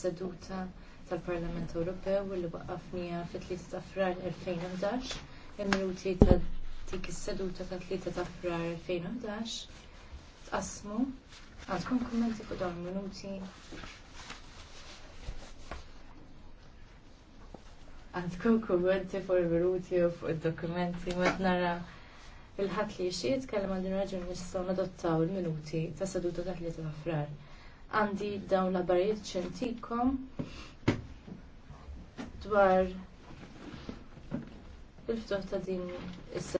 seduta tal-Parlament Ewropew li waqqafnija fit-3 ta' frar 2011 il-minuti ta' dik is-seduta ta' 3 ta' frar 2011 tqasmu għandkom kummenti fuq dawn minuti għandkom kummenti fuq il-minuti u fuq id-dokumenti ma nara il-ħadd li x-xiet kellem għal din raġuni nadottaw il-minuti ta' seduta ta' 3 ta' frar għandi dawn l-abarijiet ċentikom dwar il-ftuħ ta' din is